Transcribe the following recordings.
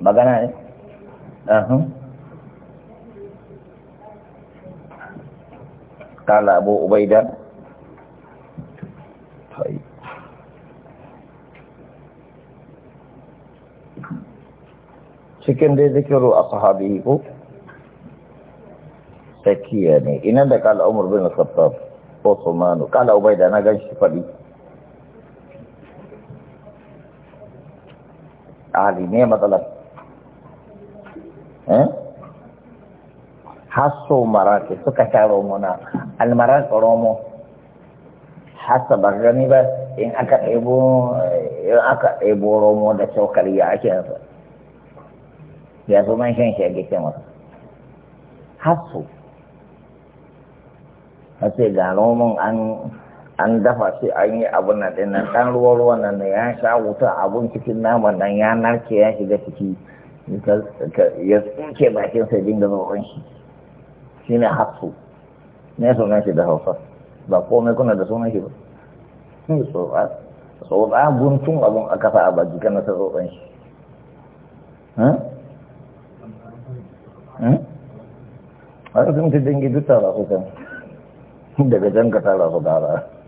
magana ne kala abu ubaida cikin dai zikiru a sahabi ko tsakiya ne ina da kala umar bin sabtar ko sumanu kala ubaida na gan shi faɗi ƙari ne matsalar eh? hasso marati suka romo hasa ba gani ba in aka ɗebo in aka romo da cokali ya ake yasa ya zo man shan shi a gefe masa hasso a ce ga romon an an dafa shi an yi abun nan din nan dan ruwa ruwa nan ya sha wuta abun cikin naman nan ya narke ya shiga ciki ya tsinke bakin sai dinga zuwan shi shi ne hatsu ne sunan shi da hausa ba komai kuna da sunan shi ba tsotsa guntun abun a kasa a baki kana ta zuwan shi hm? hm? a sun ta dangi duk tara kusan daga jan ka tara su tara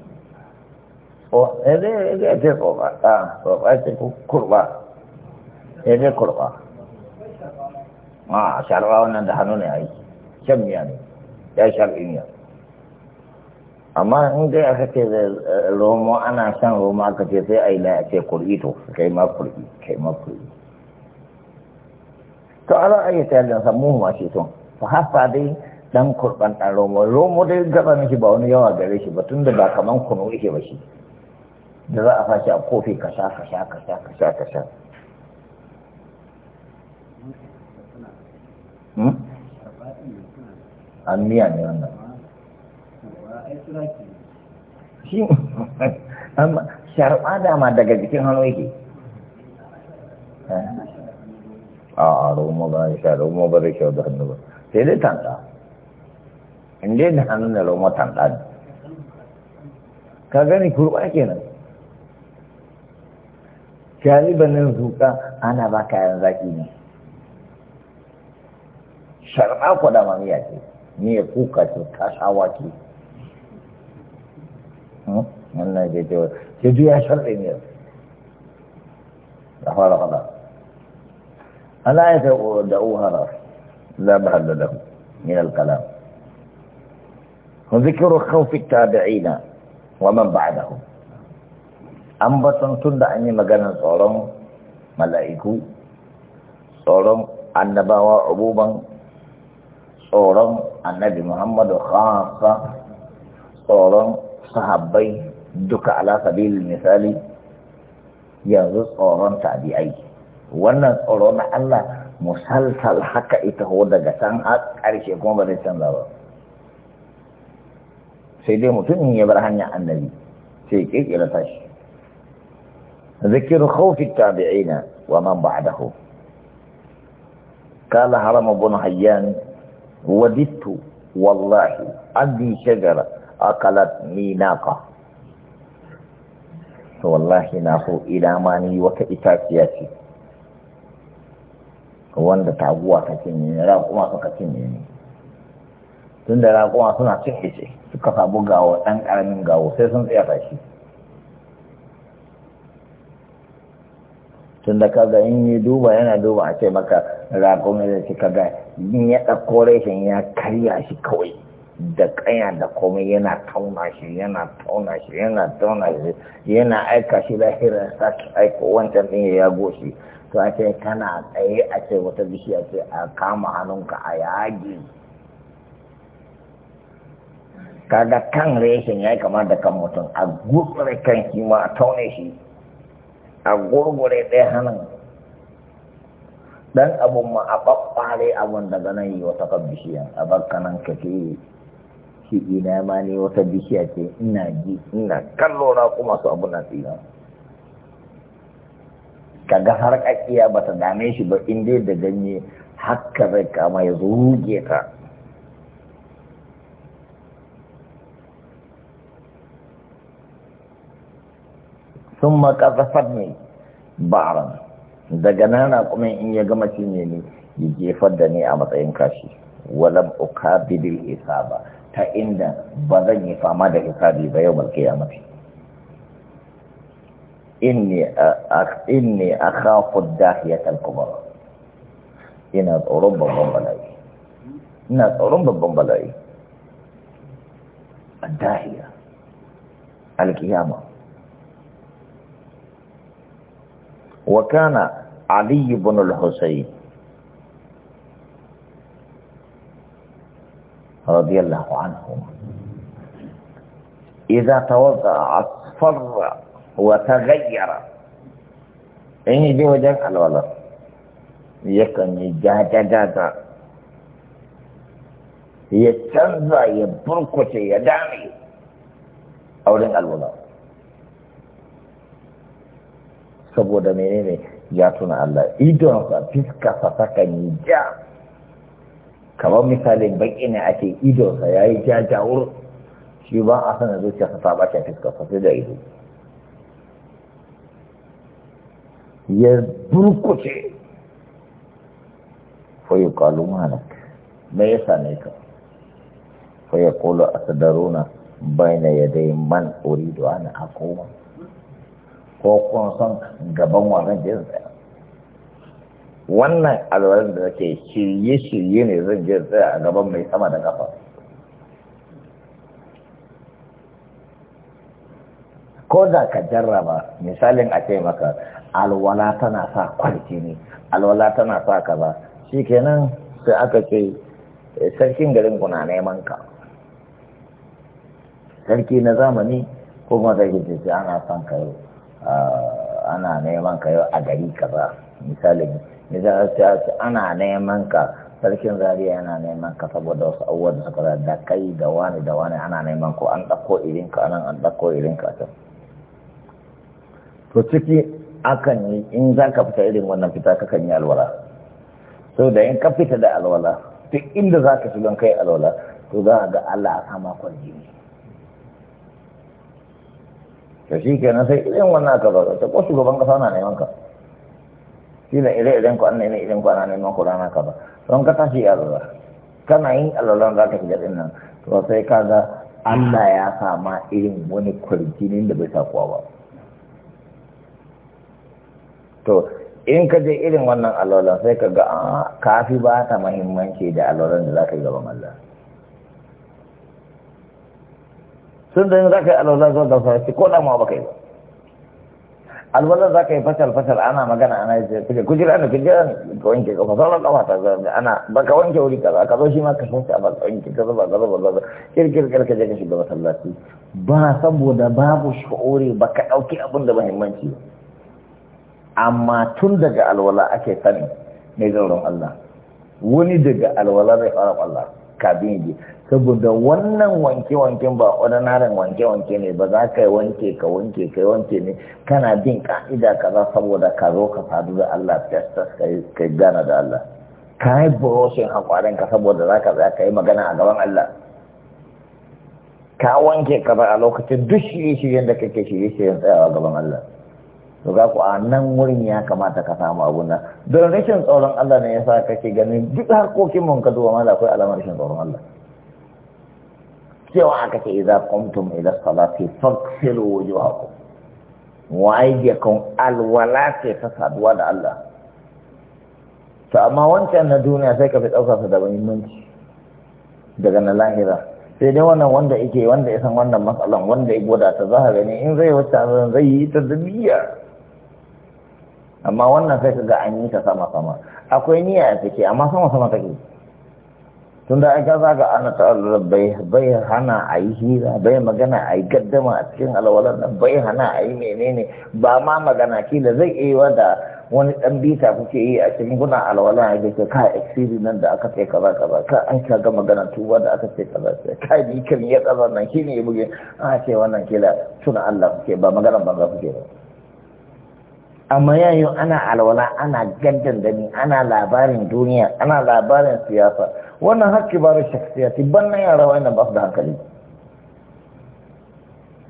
zai ya ce tsofa a tsofa ce kurba ya zai kurba a sharba wannan da hannu ne a yi shan miya ne ya sharbi miya amma in dai aka ce da romo ana shan romo aka ce eh, sai a yi laya ce kurbi to kai ma kurbi kai ma kurbi to ala ayyata yadda samu ma ce tun fa hafa dai dan kurban dan romo romo dai gaba miki ba wani yawa gare shi ba tunda ba kaman kunu yake ba shi da za a fashi a kofi ka sha ka sha ka sha ka sha ka sha hmm? an miya ne wannan shi sharɓa dama daga jikin hannu yake eh? a romo ba ya sha romo ba zai sha da hannu ba sai dai tanda in dai da hannun da romo tanda ka gani kurɓa kenan galibanin zuka ana ba kayan zaki ne sharɓa ku da mamiya ce ne ya kuka ce kashawa ke wannan ke ce ke juya sharɗe ne da fara fara ana ya sai da uhara la ba hada da min alkalam khawfi tabi'ina wa man ba'dahum an batun tun da an yi maganar tsoron mala'iku tsoron annabawa abubuwan tsoron annabi muhammadu khasa tsoron sahabbai duka alasabilin misali yanzu tsoron tabi'ai wannan tsoro na Allah musalsal haka ita ho daga can ƙarshe kuma ba zai canza ba sai dai mutumin ya bar hanyar annabi sai ƙirƙira tashi ذكر خوف التابعين ومن بعده قال هرم بن حيان وددت والله عندي شجرة أقلت ميناقة والله ناخو إلى ماني وكإتاتياتي wanda taguwa ka cinye ne raƙuma suka cinye ne tun da raƙuma suna cikice suka sabu gawo ɗan ƙaramin gawo sai sun tsaya shi Tunda da kaga in yi duba yana duba a ce maka rakon da shi. kaga in ya ɗauko reshen ya karya shi kawai da ƙaya da komai yana tauna shi yana tauna shi yana tauna shi yana aika shi lahirar sake aiko wancan ɗin ya goshi to a ce kana tsaye a ce wata bishiya ce a kama hannunka a yagi kaga kan reshen ya yi kama da kan mutum a gutsure kan shi ma a taune shi a gurgure ɗaya hannun dan abun ma a ɓaɓɓare abun daga nan yi wata bishiya a bakkanan ka ke shi ina ma ne wata bishiya ce ina ji ina kallo na kuma su abu na tsira ga har kakiya ba ta dame shi ba in dai da ganye haka zai kama ya zuge ta sun makazafar ne ba'aran daga nana kuma in ya gama cinye ne ya jefar da ni a matsayin kashi walam ukabidil ba, ta inda ba zan yi fama da hisabi ba yau malke ya mafi inni a kakun dahiyatar kubara ina tsoron babban bala'i ina tsoron babban bala'i a dahiya alkiyama وكان علي بن الحسين رضي الله عنه إذا توضأ أصفر وتغير دي وجهك على الله يكن يجاجا جاجا يتنزع يبركش يدامي أولين الله saboda menene ya tuna Allah idonsa fiskarsa saka yi ja kamar misali baki ne ake idonsa ya yi ja ja jawur shi ba a sanar zuciyarsa ta ba ta fiskarsa sai da ido ya burkuce fayu kalu manak me ya same ka fayu kolo a sadaruna bai na yadai man uridu ana akoma ko kun san gaban wannan je tsaya wannan alwalar da nake shirye-shirye ne zan je tsaya a gaban mai sama da kafa ko da ka jarraba misalin a ce maka alwala tana sa kwarki ne alwala tana sa kaza kenan sai aka ce eh, sarkin garin kuna neman ka sarki na zamani ko kuma da ana son ka yau Ah, ana neman ka yau a gari kaza misali ana neman ka sarkin zariya yana neman ka saboda wasu abubuwan da suka da kai da wani da wani ana neman ko an ɗauko ka nan an ɗauko ka ta to ciki akan yi in za ka fita irin wannan fita kakan yi alwala So da in ka fita da alwala duk inda za ka shigan kai alwala to za a ga Allah a sama kwarjini da shi kenan sai irin wannan ka zaga ta ko shugaban kasa na neman ka shi na ire iren ku an ne irin ku ana neman ku rana ka ba don ka tashi ya zaga kana yin alalan za ka shiga nan to sai ka ga Allah ya sama irin wani kwarjinin da bai sakuwa ba to in ka je irin wannan alolan sai ka ga ah, kafi ba ta mahimmanci da alolan da za ka yi gaban Allah sun da yin za ka yi alwala zuwa da sarki ko damuwa ba ka yi ba alwala za ka yi fasal fasal ana magana ana yi zai kuke kujira ne kujira ne ka wanke kafa sauran kafa ta zai ana ba ka wanke wuri kaza ka zo shi ma ka shanta ba ka wanke ka zuba ka zuba zuba kirkir ka je ka shiga masallaci ba saboda babu shi ba ka ɗauki abin da muhimmanci amma tun daga alwala ake sani mai zauren Allah wani daga alwala zai fara Allah kafin yaje saboda wannan wanke-wanken ba ordinary wanke-wanke ne ba za ka yi wanke ka wanke ka wanke ne kana bin ka'ida za, saboda ka zo ka sadu da Allah festus ka gana da Allah ka yi buroshin hakwarin ka saboda za ka za ka yi magana a gaban Allah ka wanke ka ba a lokacin duk shirye-shiryen da kake shirye-shiryen tsayawa gaban Allah to ga ku a nan wurin ya kamata ka samu abun nan don rashin tsoron Allah ne yasa kake ganin duk harkokin mun ka zuwa ma da akwai alamar rashin tsoron Allah cewa aka ce idza qumtum ila salati faghsilu wujuhakum wa aydiyakum alwala ce ta saduwa da Allah to amma wancan na duniya sai ka fi ɗaukar da muhimmanci daga na lahira sai dai wannan wanda yake wanda ya san wannan matsalan wanda ya gwada ta za a gani in zai wacce zai yi ta dabiya amma wannan sai ka ga an yi ta sama-sama akwai niyya a cike amma sama-sama take tun da aka ga ana ta'allar bai bai hana a hira bai magana a yi gaddama a cikin alwalar nan bai hana a menene ba ma magana kila zai iya da wani dan bita kuke yi a cikin guna alwala a gaske ka exiri nan da aka ce kaza kaza ka an ka ga magana tuba da aka ce kaza ka ni kan ya kaza nan shine ya buge a ce wannan kila tuna Allah kuke ba magana banza kuke ba amma yayin ana alwala ana gaddan dani ana labarin duniya ana labarin siyasa wannan har kibarun shakhsiyati banna yara wannan ba su da hankali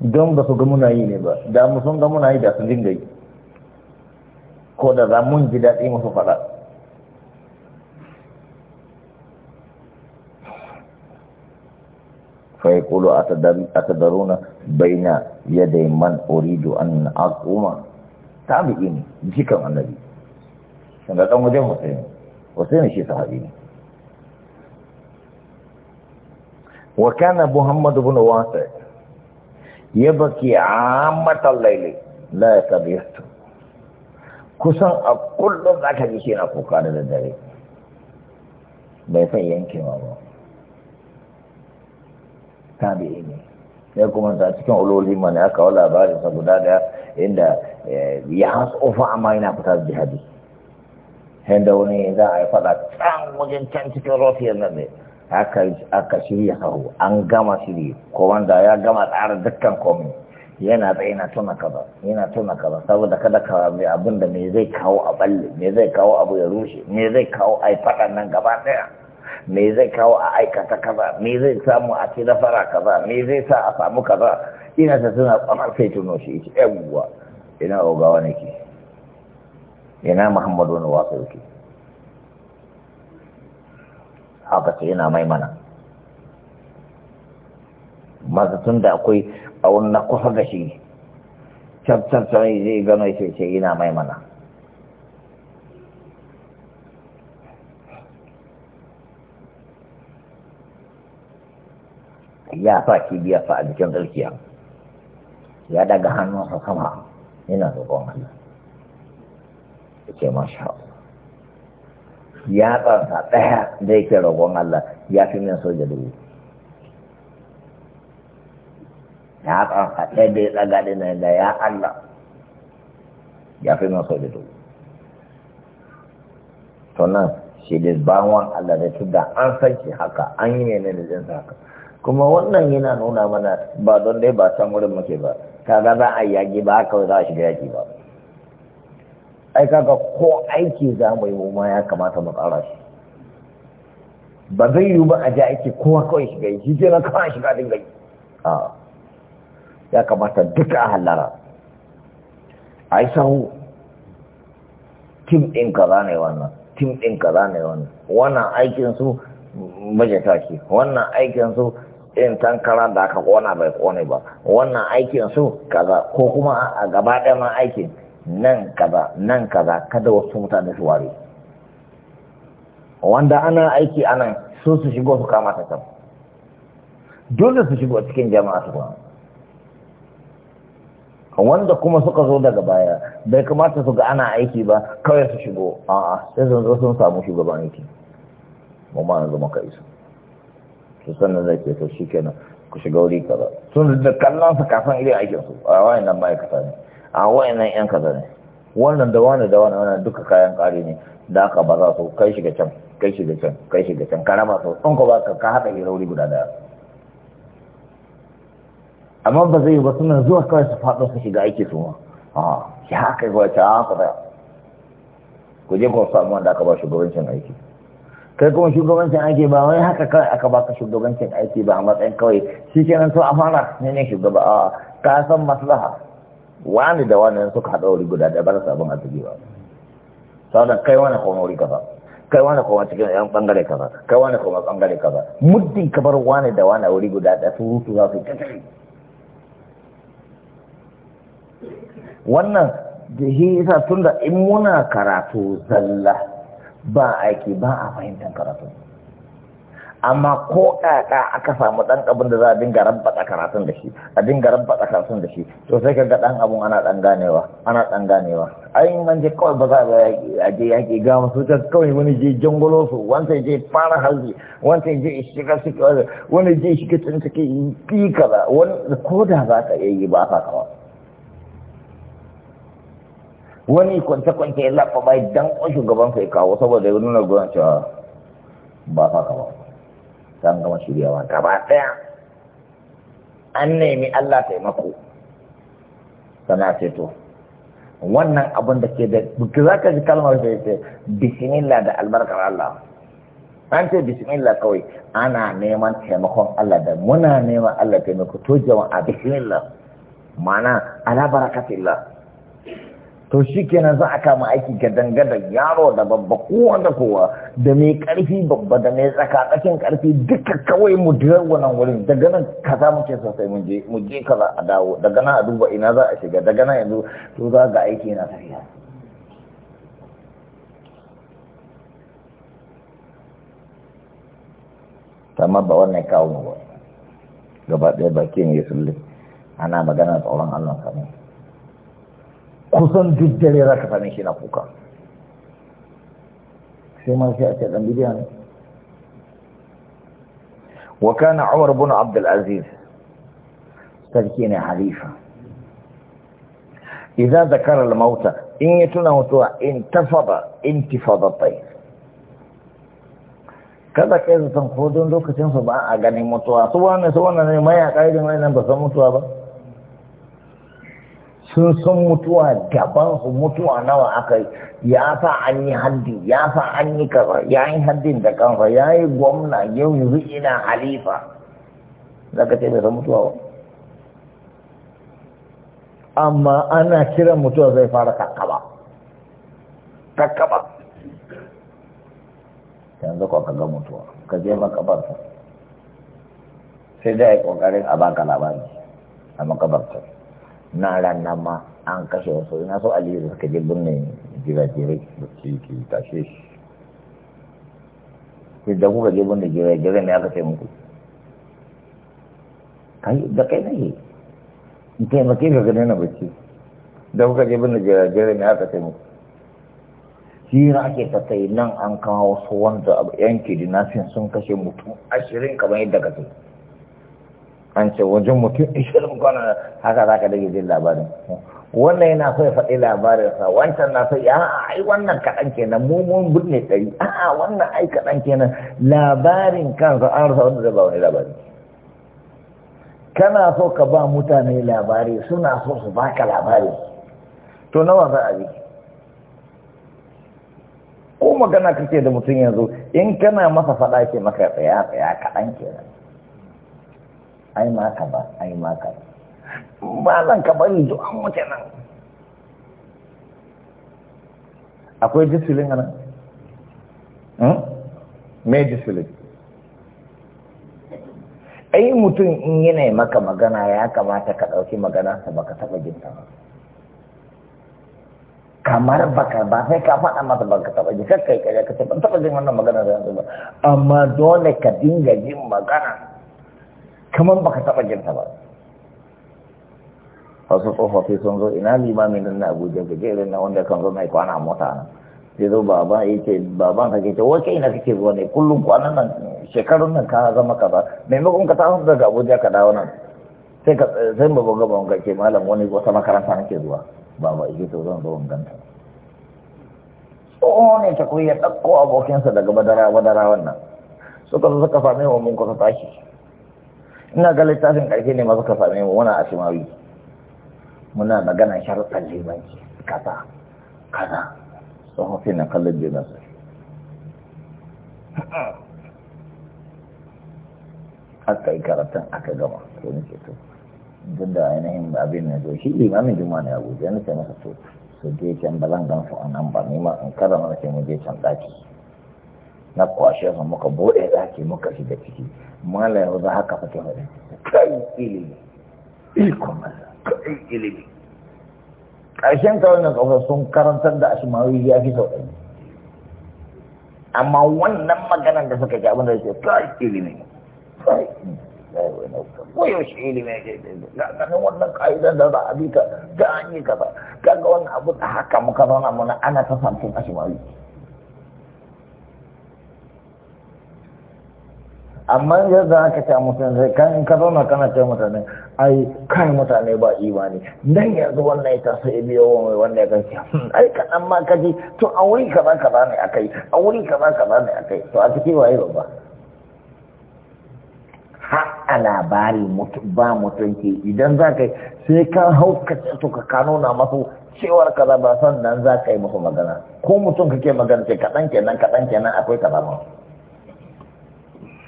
don ba su ga muna yi ne ba da mu sun ga muna yi da su dinga yi ko da za mun ji daɗi musu faɗa fai kulo a tadaruna bai na yadda man uridu an akuma tabi'i ne jikan annabi daga ɗan wajen Hussein Hussein shi sahabi ne wa kana Muhammad ibn ya baki ammatan laili la yatabistu kusan a kullum za ji shi na kuka da dare bai san yankewa ba tabi'i ne sai kuma ta cikin ululi mana ya kawo labarin sa guda daya inda eh, ya hasu ofa amma yana fitar jihadi inda wani za a yi fada can wajen can cikin rofiyar nan ne aka shirya kahu an gama shiri ko wanda ya gama tsara dukkan komi yana da yana tuna kaza yana tuna kaza saboda kada ka mai abin da me zai kawo a balle me zai kawo abu ya rushe me zai kawo a yi fada nan gaba ɗaya me zai kawo a aikata kaza me zai samu a ci fara kaza me zai sa a samu kaza ina ta suna tsamar kai tuno shi ita yawwa ina ogawa nake ina muhammadu wani wasa yake haka ce yana maimana masu tun da akwai a wani kusa da shi can can can zai gano shi ce yana maimana ya fa fa a jikin tsarkiya ya daga hannunsa sama yana roƙon Allah yake masha ya tsarsa ɗaya da yake roƙon Allah ya fi min soja dubu ya tsarsa ɗaya da ya tsaga da da ya Allah ya fi min soja dubu to nan shi da bawan Allah da tudda an san haka an yi ne da jinsa haka kuma wannan yana nuna mana ba don dai ba san wurin muke ba kaga za a yaƙi ba haka za a shiga yaƙi ba ai kaga ko aiki za mu yi ma ya kamata mu tsara shi ba zai yiwu ba a ji aiki kowa kawai shiga yi shi ke na kawai shiga dinga yi ya kamata duka a hallara a yi sahu tim ɗin kaza ne wannan tim ɗin kaza ne wannan wannan aikin su bajeta shi wannan aikin su in tankara da aka kona bai kone ba wannan aikin su kaza ko kuma a gaba ɗaya aikin nan kaza nan kaza kada wasu mutane su ware wanda ana aiki anan su su shigo su kama ta dole su shigo cikin jama'a su wanda kuma suka zo daga baya bai kamata su ga ana aiki ba kawai su shigo a'a sai sun zo sun samu shugaban aiki mu ma zama ka isa. su sannan zai ce to shi kenan ku shiga wuri kaza sun da kallon su kafin iri aikin su a wayan nan ma'aikata ne a wayan nan yan kaza ne wannan da wani da wani wani duka kayan ƙari ne da aka ba za su kai shiga can kai shiga can kai shiga can ka raba su in ko ba ka haɗa hira wuri guda daya amma ba zai ba suna zuwa kawai su faɗo su shiga aiki su ma a ya kai yi wata ku je ku samu wanda aka ba shugabancin aiki kai kuma shugabancin aiki ba wai haka kawai aka baka shugabancin aiki ba a matsayin kawai shi kenan so a fara ne ne shugaba a ka san maslaha wani da wani suka haɗa wuri guda da bar sabon a ba saboda kai wani kuma wuri kaza kai wani kuma cikin yan bangare kaza kai wani kuma bangare kaza muddin ka bar wani da wani wuri guda da su rutu za su yi wannan da shi yasa tunda in muna karatu zalla ba aiki ba a fahimtar karatu amma ko kaka aka samu dan abin da za a dinga rabbata karatun da shi a dinga rabbata karatun da shi to sai kaga dan abun ana dan ganewa ana dan ganewa ai man je kawai ba za a je yaki ga musu ta kawai wani je jangolo su wanda je fara halzi wanda je shiga su wani je shiga tun take yi kaza wani ko da za ka yi ba ka kawa wani kwance-kwance ya lafa bai dan ƙwan shugaban kai kawo saboda ya nuna gudun cewa ba fa kama ta gama shiryawa gaba daya an nemi Allah taimako sana ceto wannan abin da ke da buki za ka ji kalmar da ce bisimila da albarkar Allah an ce bisimila kawai ana neman taimakon Allah da muna neman Allah taimako to jama'a bisimila. ma'ana ala barakatillah to shi kenan za a kama aiki ga dangada yaro da babba kowa da kowa da mai karfi babba da mai tsakatsakin karfi duka kawai mu dirar wannan wurin daga nan kaza mu ce sosai mu je mu je kaza a dawo daga nan a duba ina za a shiga daga nan yanzu to za ga aiki yana tafiya amma ba wannan kawo mu ba gaba ɗaya ne ya sulle ana magana tsoron Allah kamar kusan duk dare za ka sami shi na kuka sai ma shi a ce ɗan bidiyan wa kana umar bin Abdulaziz? aziz sarki ne halifa idza zakara al mauta in ya tuna mutuwa in tafada tay kada kai zaton ko don lokacin su ba a ganin mutuwa su wannan su wannan ne mai a wannan ba san mutuwa ba sun san mutuwa daban su mutuwa nawa aka yi ya fa an yi haddi ya fa an yi kaza ya yi haddin da kansa ya yi gwamna yau yanzu ina halifa zaka ce bai san mutuwa ba amma ana kiran mutuwa zai fara kakkaba kakkaba yanzu kwa kaga mutuwa ka je makabarta sai dai kokarin a baka labari a makabarta na ranar ma an kashe wasu na so aliyu ka je birnin jiragirai da ke ke tashe shi sai da kuka je birnin jiragirai ne aka ce muku da kai nake in maki ka gane na bacci da kuka je birnin jiragirai ne aka ce muku hira ake ta nan an kawo wasu wanda yanki dinasin sun kashe mutum ashirin kamar yadda ka ce an ce wajen mutum ishirin kwana haka za ka dage jin labarin wannan yana so ya faɗi labarinsa wancan na so ya ai wannan kaɗan kenan mu mun binne ɗari a'a wannan ai kaɗan kenan labarin kansa an rasa wanda zai ba wani labari kana so ka ba mutane labari suna so su baka labari to nawa za a yi ko magana kake da mutum yanzu in kana masa faɗa ke maka tsaya tsaya kaɗan kenan ai ma ka ba ai ma ka ba zan ka bari duk an wuce nan akwai disilin a nan hmm? me ai mutum in yana maka magana ya kamata ka ɗauki maganarsa ba ka taɓa jinta ba kamar baka ba sai ka faɗa masa baka taɓa ji kai kai ka ce ban taɓa jin wannan magana da yanzu ba amma dole ka dinga jin magana kamar baka taba jin ta ba wasu tsofaffi sun zo ina limamin nan na abuja ga jerin na wanda kan zo mai kwana mota nan sai zo baba ya ce baban ka ke ce wace ina kake zuwa ne kullum kwanan nan shekarun nan ka zama kaza maimakon ka tafi daga abuja ka dawo nan sai ka sai ba ga ban ga ce malam wani wata makaranta nake zuwa baba ya ce to zan zo in ganta tsoho ne ta koyi ya ɗauko abokinsa daga madara badara wannan suka zo suka same wa mun kusa tashi ina ga littafin ƙarshe ne masu ka same mu muna ashimawi muna magana sharuɗan limanci kaza kaza tsofaffi na kallon jinansu aka yi karatun aka gama to nake to duk da ainihin abin na zo shi limamin juma ne abuja na ce masa to su je can ba gan su a nan ba nema in kada mana ce mu je can ɗaki na kwashe su muka bude daki muka shiga ciki mala yau za haka fake faɗi kai ilimi ikon masa kai ilimi ƙarshen kawai na tsofa sun karantar da ashimawi ya fi sau ɗari amma wannan maganar da suka ji abin da ke kai ilimi kai koyaushe ilimi ne ga ganin wannan ka'idar da za a bi ta ga an yi kaza wannan abu da haka muka zauna muna ana ta samfin ashimawi amma yadda aka ce mutane zai kan ka zauna kana ce mutane ai kai mutane ba imani dan yanzu wannan tasa sai biyo wani wanda ya kai hmm, ai kaɗan ma kaji to a wuri kaza kaza ne akai a wuri kaza kaza ne akai to a cikin waye babba a labari ba mutunci idan za ka yi sai ka ce to ka kano na masu cewar kaza ba sannan za ka yi musu magana ko mutum kake magana ce kaɗan kenan kaɗan kenan akwai kaza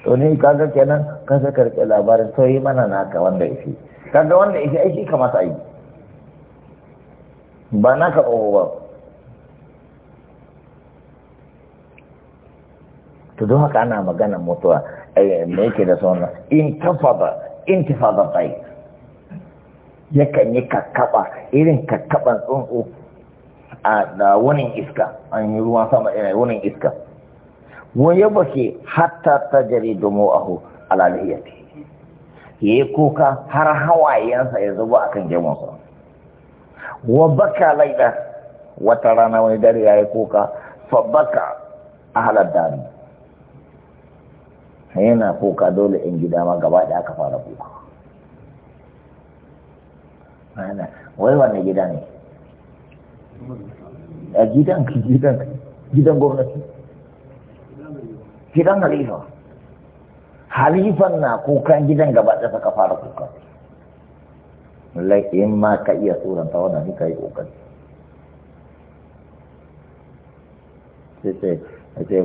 to ne kaga kenan kan sai karɓi labarin to yi mana naka wanda yake kaga wanda yake aiki kamata yi ba naka tsoho ba to don haka ana magana mutuwa eh, me yake da sauran in tafada in tafada ya yakan yi kakkaba irin kakkaban tsuntsu a da wani iska an yi ruwan sama irin eh, wani iska ويبكي حتى تجري دموعه yi. Ya yi kuka har hawayensa ya zuba a kan gemunsa wa baka laida wata rana wani dare ya yi kuka fa baka halar dari yana kuka dole in gida ma gaba da aka fara kuka wai wanne gida ne a gidan gidan gidan gwamnati gidan halifa halifan na kukan gidan gaba da suka fara kuka lallai ma ka iya tsoranta wannan ni ka yi kokari sai sai a ce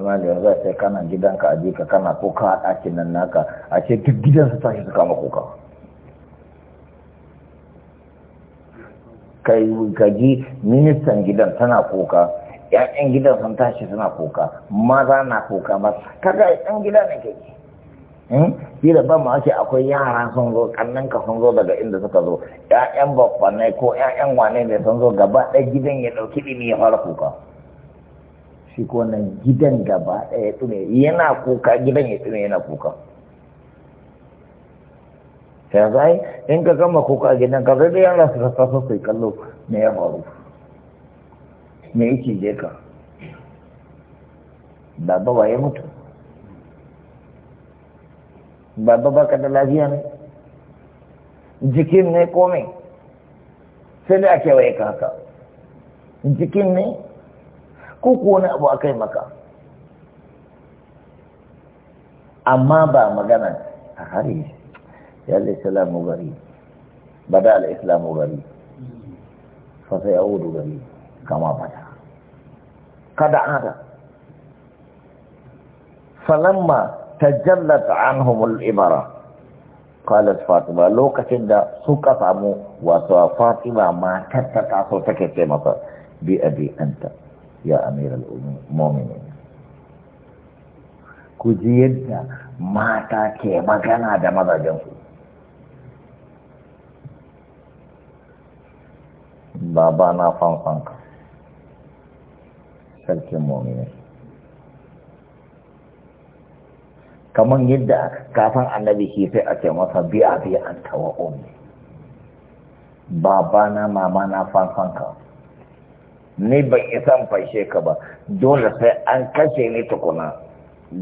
maliyar za sai kana ka a jika kana kuka a ɗakin nan naka a ce duk gidan su tashi su kama kuka kai ka ji ministan gidan tana kuka 'ya'yan gidan sun tashi suna kuka maza na kuka ba kaga 'ya'yan gida ne ke shi hmm? da ban ma ake akwai yara sun zo kannan ka sun zo daga inda suka zo 'ya'yan babbanai ko 'ya'yan wane ne sun zo gaba ɗaya gidan ya ɗauki ɗimi ya fara kuka shi ko nan gidan gaba ɗaya ya tsume yana kuka gidan ya tsume yana kuka sai zai in ka gama kuka gidan ka zai da yara su rasa sosai kallo me ya faru me yake je ka baba waye mutu baba baka da lafiya ne jikin ne ko me sai da ake waye ka haka jikin ne ko ko wani abu akai maka amma ba magana a hari ya zai salamu gari bada al'islamu gari fa sai yaudu gari kama bata. kada ada falamma tajallat anhum al-ibara qalat fatima lokacin da suka samu wato fatima matar ta taso take ce masa bi abi anta ya amiral mu'minin ku ji yadda mata ke magana da mazajensu babana na sarkin mummuni kamar yadda kafin annabi shi sai a ce masa biya biya an tawa omi babana mamana fanfanka ni ban isan fashe ka ba dole sai an kashe ni tukuna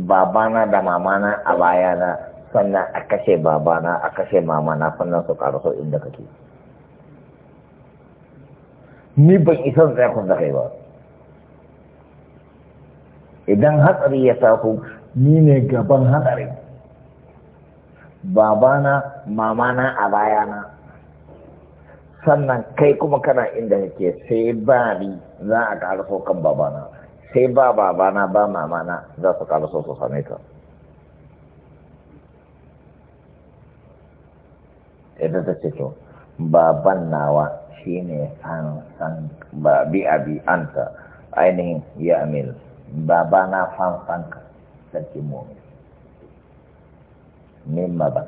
babana da mamana a bayana sannan a kashe babana a kashe mamana sannan su karaso inda kake ni ban isan zai da zakai ba idan hatsari ya saku, ni ne gaban hatsari babana mamana a bayana sannan kai kuma kana inda yake sai ba ni za a kan babana sai ba babana ba mamana za su ƙaraso su same ka idan ta ce to baban nawa shine san san ba bi abi anta ainihin ya amina baba na fanfanka sarkin momi mimma ba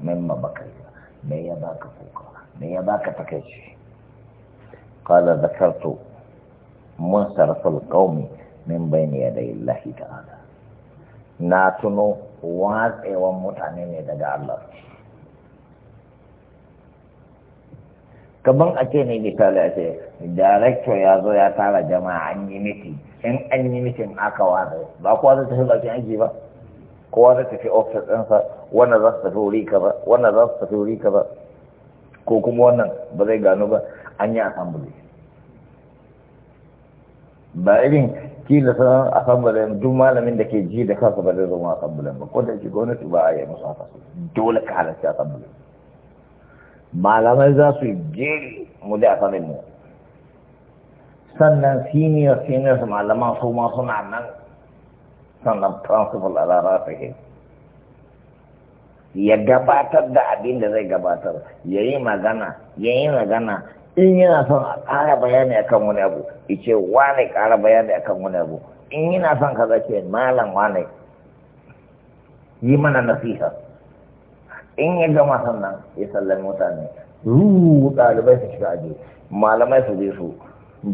mimma bakaita me ya baka kuka me ya baka takaici qala mun munsarfal qaumi min bayni yaday Allah ta'ala na tuno watsewan mutane ne daga Allah kaban a ce ne misali a ce director ya zo ya tara jama'a an yi miti in an yi mitin aka wada ba kowa zai tafi bakin aiki ba kowa zai tafi office ɗinsa wannan za su tafi wuri ka ba wannan za su tafi wuri ka ba ko kuma wannan ba zai gano ba an yi assembly ba irin kila sanar assembly duk malamin da ke ji da kansa ba zai zama assembly ba ko da ke gwamnati ba a yi musu haka dole ka halarci assembly malamai za su jeri mu da sanin mu sannan senior senior malaman su ma suna nan sannan principal a ke ya gabatar da abin da zai gabatar ya yi magana ya yi magana in yana son a ƙara bayani akan wani abu ice wane ƙara bayani akan wani abu in yana son kaza zace malam wane yi mana nasiha in ya gama sannan ya sallar mutane ruru ɗalibai su shiga aji malamai su je su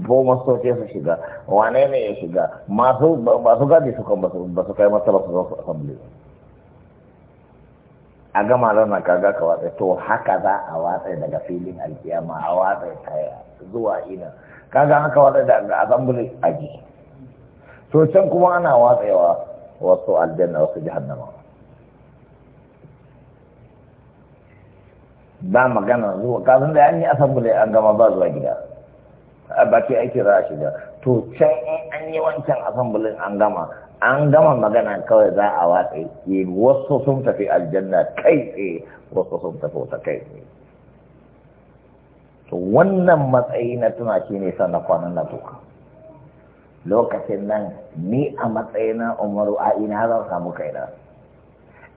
goma soke su shiga wane ne ya shiga masu masu gadi su kan ba su kai masa ba su zo assembly a gama zana kaga ka watsa to haka za a watsa daga filin alkiyama a watsa taya zuwa ina kaga haka watsa daga assembly aji so can kuma ana watsewa wasu aljanna wasu jahannama ba magana zuwa kafin da an yi an gama ba zuwa gida a baki aiki za a shiga to can in an yi wancan asambulin an gama an gama magana kawai za a watsa ke wasu sun tafi aljanna kai tsaye wasu sun tafi wata kai tsaye to wannan matsayi na tuna shi ne sana kwanan na tuka lokacin nan ni a matsayina umaru a ina zan samu kai na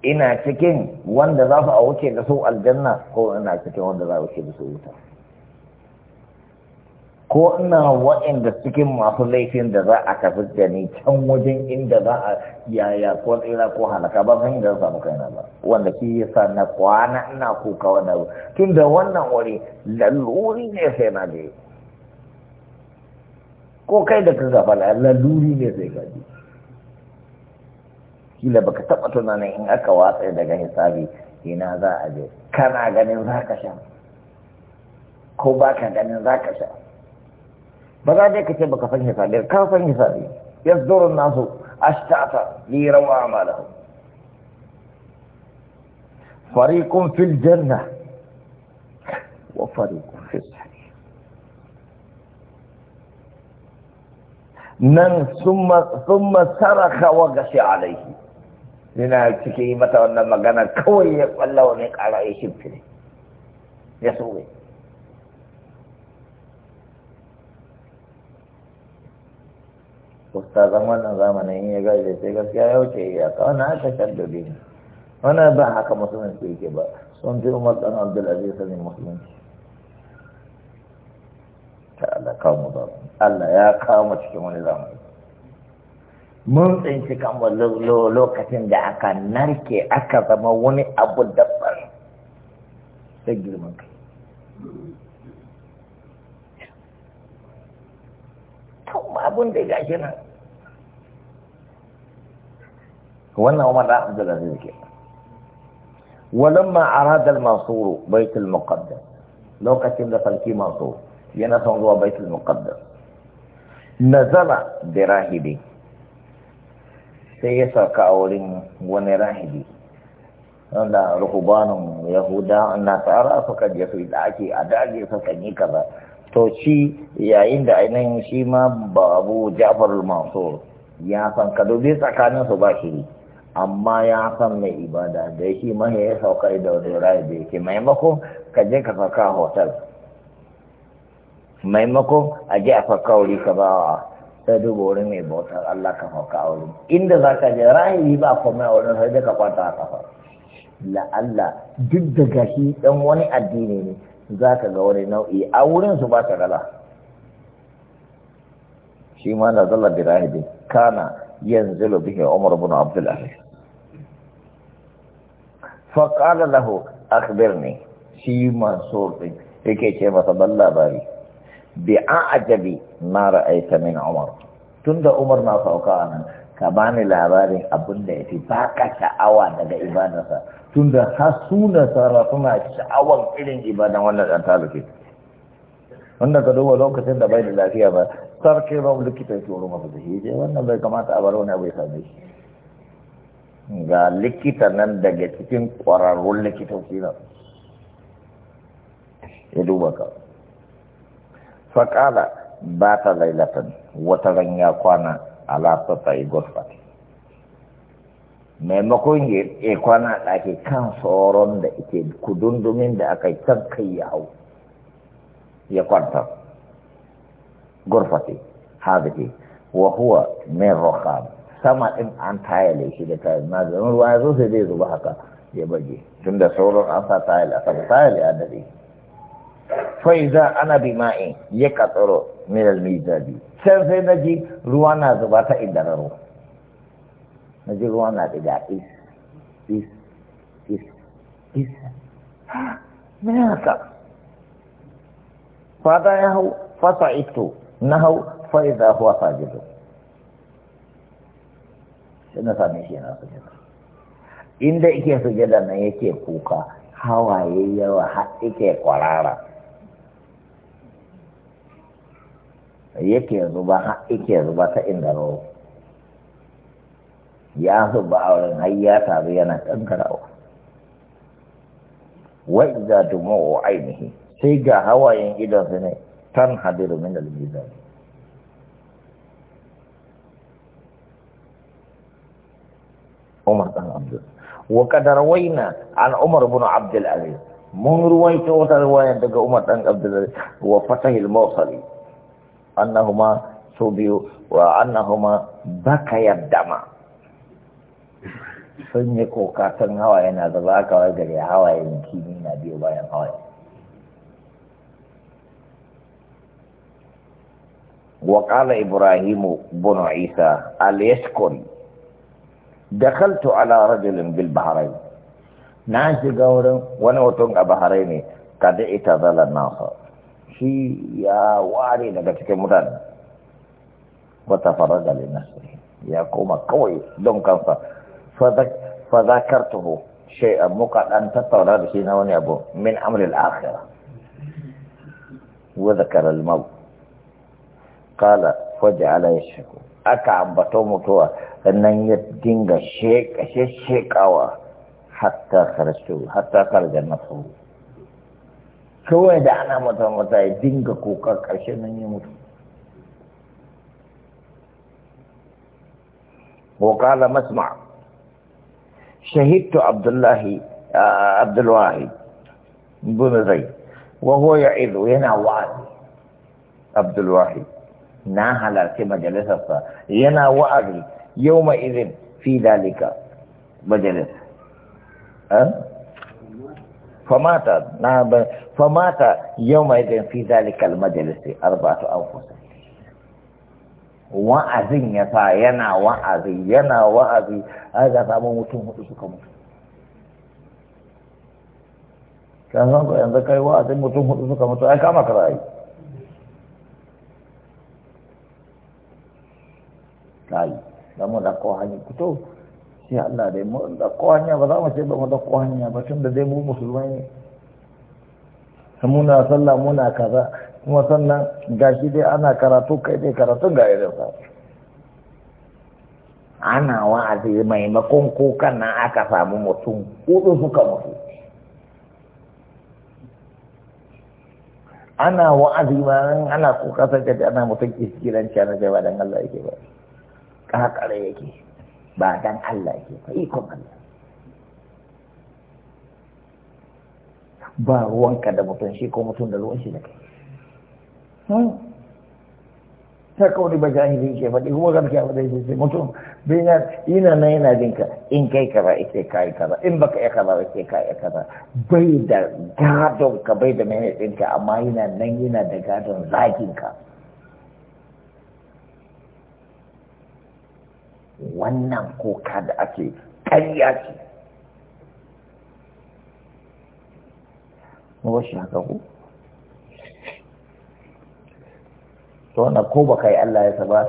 ina cikin wanda za su a wuce da su aljanna ko ina cikin wanda za a wuce da su wuta ko ina waɗanda cikin masu laifin da za a kafi da ni can wajen inda za a yaya ko tsira ko halaka ba san da samu kaina ba wanda shi ya sa na kwana ina kuka ba tun da wannan wuri laluri ne sai na je ko kai da ka gaba laluri ne sai ka je kila baka taba tunanin in aka watsa daga hisabi ina za a je kana ganin za ka sha ko ba ka ganin za ka sha ba za dai ka ce baka san hisabi ka san hisabi yazduru nasu ashtata ni rawa amalahu fariqun fil janna wa fariqun fil nan sun masara saraka wa gashi alaihi yana cike yi mata wannan magana kawai ya kwalla wani kara ya ne ya soye ustazan wannan zamanin ya gaje sai gaskiya ya wuce ya kawo na aka shaddabe ne wannan ba haka musulunci yake ba sun fi umar dan abdulaziz ne musulunci ta Allah kawo mu Allah ya kawo mu cikin wani zamani mun tsinci kanmu lokacin da aka narke aka zama wani abu daban da girman kai abun da gashi nan wannan umar da abdulaziz ke walamma arada al-mansur muqaddas lokacin da sarki mansur yana son zuwa bait al-muqaddas nazala bi sai ya sauka a wurin wani rahibi wanda rukubanin yahuda tsara suka je su da ake a daji suka yi kaza to shi yayin da ainihin shi ma babu jafar mansur ya san ka dubi tsakanin su ba shi amma ya san mai ibada da shi ma ya sauka da wani rahibi yake maimako ka je ka sauka a hotel maimako a je a sauka wuri ka ba sai duba wurin mai bautar Allah ka hauka a wurin inda za ka je rahiri ba kuma a wurin sai da ka kwanta a kafa Allah duk da gashi dan wani addini ne za ka ga wani nau'i a wurin su ba ka gala shi ma na zalla bi rahibi kana lo bihi umar ibn abdul aziz fa qala lahu akhbirni shi ma so din yake ce masa ban labari bi a'jabi ma ra'aita min umar tunda umar na sauka nan ka bani labarin abinda da yafi baka sha'awa daga ibadarsa tunda har suna suna sha'awan irin ibadan wannan dan taluki wanda ka duba lokacin da bai da lafiya ba sarki rom likita ya tsoro masa da shi wannan bai kamata a bar wani abu ya same shi ga likita nan daga cikin kwararrun likitoci nan ya duba ka faƙala ba ta lailatan wata ranya kwana ala sata yi e gosfati maimakon ya kwana ake kan tsoron da ke kudundumin da aka yi tankai kai ya hau ya kwanta gurfati haziki wa huwa min roƙa sama ɗin an tayale shi da na maganin ruwa ya zo sai zai zuba haka ya bage tunda da sauran an sa tayale a sa tayale a dare faiza ana bi bima'i ya katsaro milal mizabi sai sai na ji ruwa na zuba ta inda na Na ji ruwa na diga is is is is me haka Fata ya hau fasa ito na hau faiza huwa sajidu sai na sami shi yana sujada inda ike sujada na yake kuka hawaye yawa har ike kwarara yake zuba har yake zuba ta inda rawo ya zuba auren wurin har ya taru yana kankarawa wa idza dumu'u ainihi sai ga hawayen idonsa ne tan hadiru min al-mizan Umar dan Abdul wa waina an Umar bin Abdul Aziz mun ruwaito wata ruwaya daga Umar dan Abdul Aziz wa fatahil Mawsali annahu ma su biyu wa annahuma ma baka yadda ma sun yi koka sun hawaye na wa gari na biyu bayan hawa. wa kala ibrahimu bunu isa al-yashkuri dakaltu ala rajulin bil bahrain na shiga wurin wani mutum a bahrain ne kada ita zala nasa shi ya ware daga cikin mutane wata faraga da nasiri ya koma kawai don kansa fazakartuhu shay'an muka dan tattauna da shi na wani abu min amri al-akhirah wa zakara al-maut qala faj'ala yashku aka ambato mutuwa sannan ya dinga shekawa hatta kharaju hatta kharaja nafsuhu kawai da ana mata mata ya dinga kokar karshen nan ya mutu wakala masma shahidtu abdullahi abdullahi bin zai wa huwa yana wa'azi abdullahi na halarci majalisarsa yana wa'azi yawma idin fi dalika majalis eh? فمات نعم فمات يومئذ في ذلك المجلس أربعة أنفس وعزين يسا ينا وعزي ينا وعزي هذا فأمو متوم هدو سكا كان هناك عندك أي واحد متوم هدو سكا متوم أي كما كرأي كاي لما لقوا هني كتوب sai Allah dai mu da hanya ba za mu ce ba mu da hanya ba da dai mu musulmai ne muna sallah muna kaza kuma sannan gashi dai ana karatu kai dai karatu ga irin sa ana wa'azi maimakon kukan nan aka samu mutum hudu suka mutu ana wa'azi ma ana kuka sai ana mutum kiskilanci ana jaba dan Allah yake ba kakare yake ba dan Allah ke ba ikon Allah ba ruwanka da mutum shi ko mutum da ruwan shi da kai ta hmm. kawai ba jahili ke faɗi kuma zan kya faɗi sai mutum bayan Ina nan yana jin ka in kai ka kaza kai ka yi in baka yi kaza ita ka yi kaza bai da gadon ka bai da mene ɗinka amma yana nan yana da gadon zagin ka wannan kuka da ake karya ce mu bashi haka ku to wannan ko baka yi Allah ya saba